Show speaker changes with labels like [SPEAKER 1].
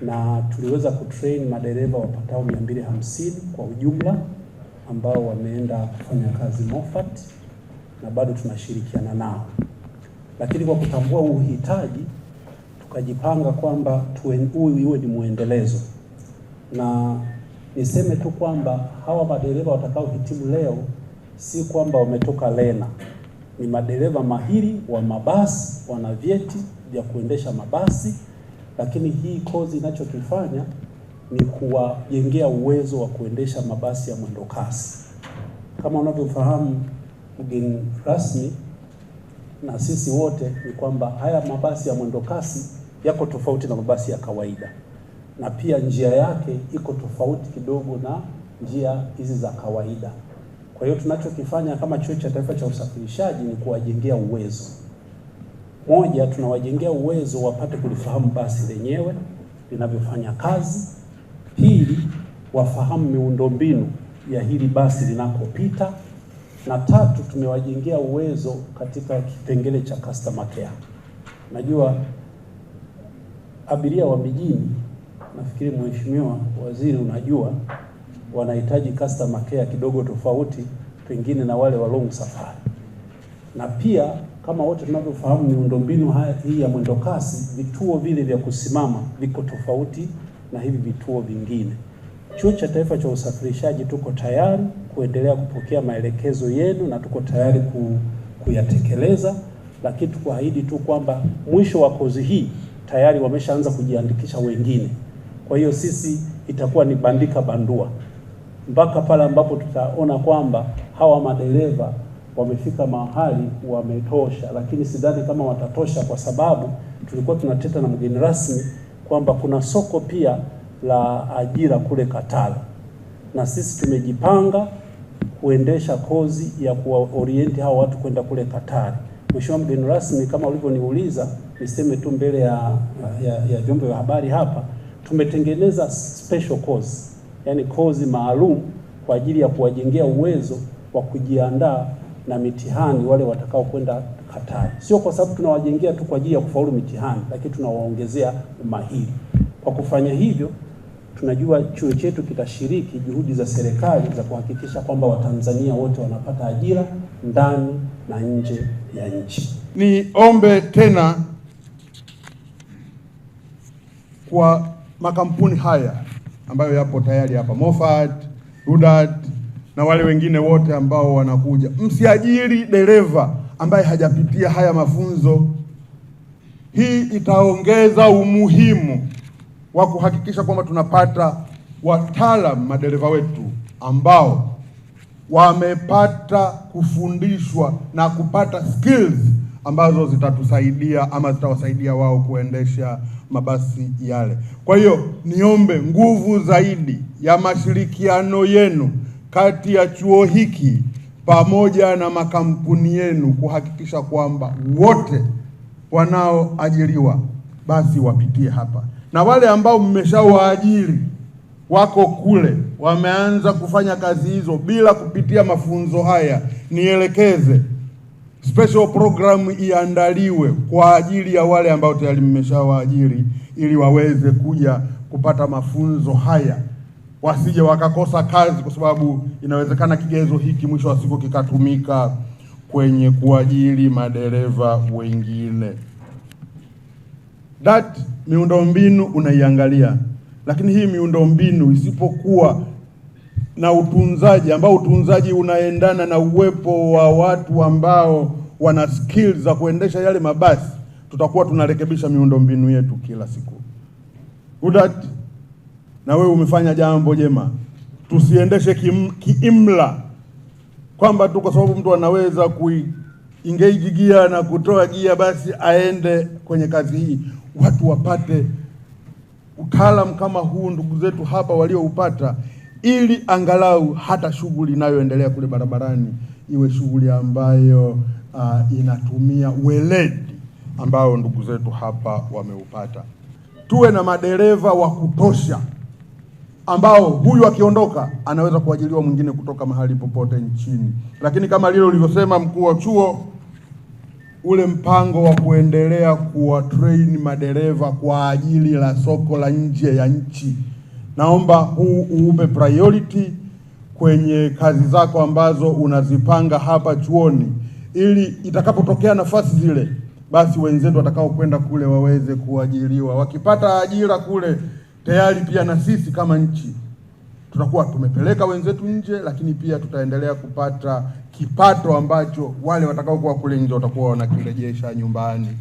[SPEAKER 1] na tuliweza kutrain madereva wapatao 250 kwa ujumla ambao wameenda kufanya kazi Mofat na bado tunashirikiana nao, lakini kwa kutambua uhitaji tukajipanga kwamba huu iwe ni mwendelezo, na niseme tu kwamba hawa madereva watakaohitimu leo si kwamba wametoka lena, ni madereva mahiri wa mabasi, wana vyeti vya kuendesha mabasi lakini hii kozi inachokifanya ni kuwajengea uwezo wa kuendesha mabasi ya mwendo kasi. Kama unavyofahamu mgeni rasmi na sisi wote, ni kwamba haya mabasi ya mwendo kasi yako tofauti na mabasi ya kawaida, na pia njia yake iko tofauti kidogo na njia hizi za kawaida. Kwa hiyo tunachokifanya kama Chuo cha Taifa cha Usafirishaji ni kuwajengea uwezo moja, tunawajengea uwezo wapate kulifahamu basi lenyewe linavyofanya kazi. Pili, wafahamu miundombinu ya hili basi linakopita, na tatu, tumewajengea uwezo katika kipengele cha customer care. Najua abiria wa mijini, nafikiri Mheshimiwa Waziri, unajua wanahitaji customer care kidogo tofauti pengine na wale wa long safari na pia kama wote tunavyofahamu, miundombinu hii ya mwendokasi, vituo vile vya kusimama viko tofauti na hivi vituo vingine. Chuo cha Taifa cha Usafirishaji tuko tayari kuendelea kupokea maelekezo yenu na tuko tayari ku, kuyatekeleza, lakini tukuahidi tu kwamba mwisho wa kozi hii tayari wameshaanza kujiandikisha wengine. Kwa hiyo sisi itakuwa ni bandika bandua mpaka pale ambapo tutaona kwamba hawa madereva wamefika mahali wametosha, lakini sidhani kama watatosha, kwa sababu tulikuwa tunateta na mgeni rasmi kwamba kuna soko pia la ajira kule Katara, na sisi tumejipanga kuendesha kozi ya kuwaorienti hao watu kwenda kule Katara. Mheshimiwa mgeni rasmi, kama ulivyoniuliza, niseme tu mbele ya ya vyombo vya habari hapa, tumetengeneza special course, yani kozi maalum kwa ajili ya kuwajengea uwezo wa kujiandaa na mitihani wale watakao kwenda Katari, sio kwa sababu tunawajengea tu kwa ajili ya kufaulu mitihani, lakini tunawaongezea umahiri. Kwa kufanya hivyo, tunajua chuo chetu kitashiriki juhudi za serikali za kuhakikisha kwamba Watanzania wote wanapata ajira ndani na nje ya nchi.
[SPEAKER 2] Niombe tena kwa makampuni haya ambayo yapo tayari hapa Moffat, Rudat na wale wengine wote ambao wanakuja. Msiajiri dereva ambaye hajapitia haya mafunzo. Hii itaongeza umuhimu wa kuhakikisha kwamba tunapata wataalam madereva wetu ambao wamepata kufundishwa na kupata skills ambazo zitatusaidia ama zitawasaidia wao kuendesha mabasi yale. Kwa hiyo niombe nguvu zaidi ya mashirikiano yenu kati ya chuo hiki pamoja na makampuni yenu kuhakikisha kwamba wote wanaoajiriwa basi wapitie hapa, na wale ambao mmeshawaajiri wako kule wameanza kufanya kazi hizo bila kupitia mafunzo haya, nielekeze special program iandaliwe kwa ajili ya wale ambao tayari mmeshawaajiri ili waweze kuja kupata mafunzo haya wasije wakakosa kazi, kwa sababu inawezekana kigezo hiki mwisho wa siku kikatumika kwenye kuajiri madereva wengine. miundo miundombinu unaiangalia, lakini hii miundombinu isipokuwa na utunzaji ambao utunzaji unaendana na uwepo wa watu ambao wana skills za kuendesha yale mabasi, tutakuwa tunarekebisha miundombinu yetu kila siku. Udati, na wewe umefanya jambo jema. Tusiendeshe kiimla kiimla kwamba tu kwa sababu mtu anaweza kuingeji gia na kutoa gia basi aende kwenye kazi hii. Watu wapate utaalamu kama huu ndugu zetu hapa walioupata, ili angalau hata shughuli inayoendelea kule barabarani iwe shughuli ambayo uh, inatumia weledi ambao ndugu zetu hapa wameupata. Tuwe na madereva wa kutosha ambao huyu akiondoka anaweza kuajiliwa mwingine kutoka mahali popote nchini. Lakini kama lile ulivyosema, mkuu wa chuo, ule mpango wa kuendelea train madereva kwa ajili la soko la nje ya nchi, naomba huu uupe priority kwenye kazi zako ambazo unazipanga hapa chuoni, ili itakapotokea nafasi zile, basi wenzetu watakaokwenda kule waweze kuajiriwa, wakipata ajira kule tayari pia na sisi kama nchi tutakuwa tumepeleka wenzetu nje, lakini pia tutaendelea kupata kipato ambacho wale watakaokuwa kule nje watakuwa wanakirejesha nyumbani.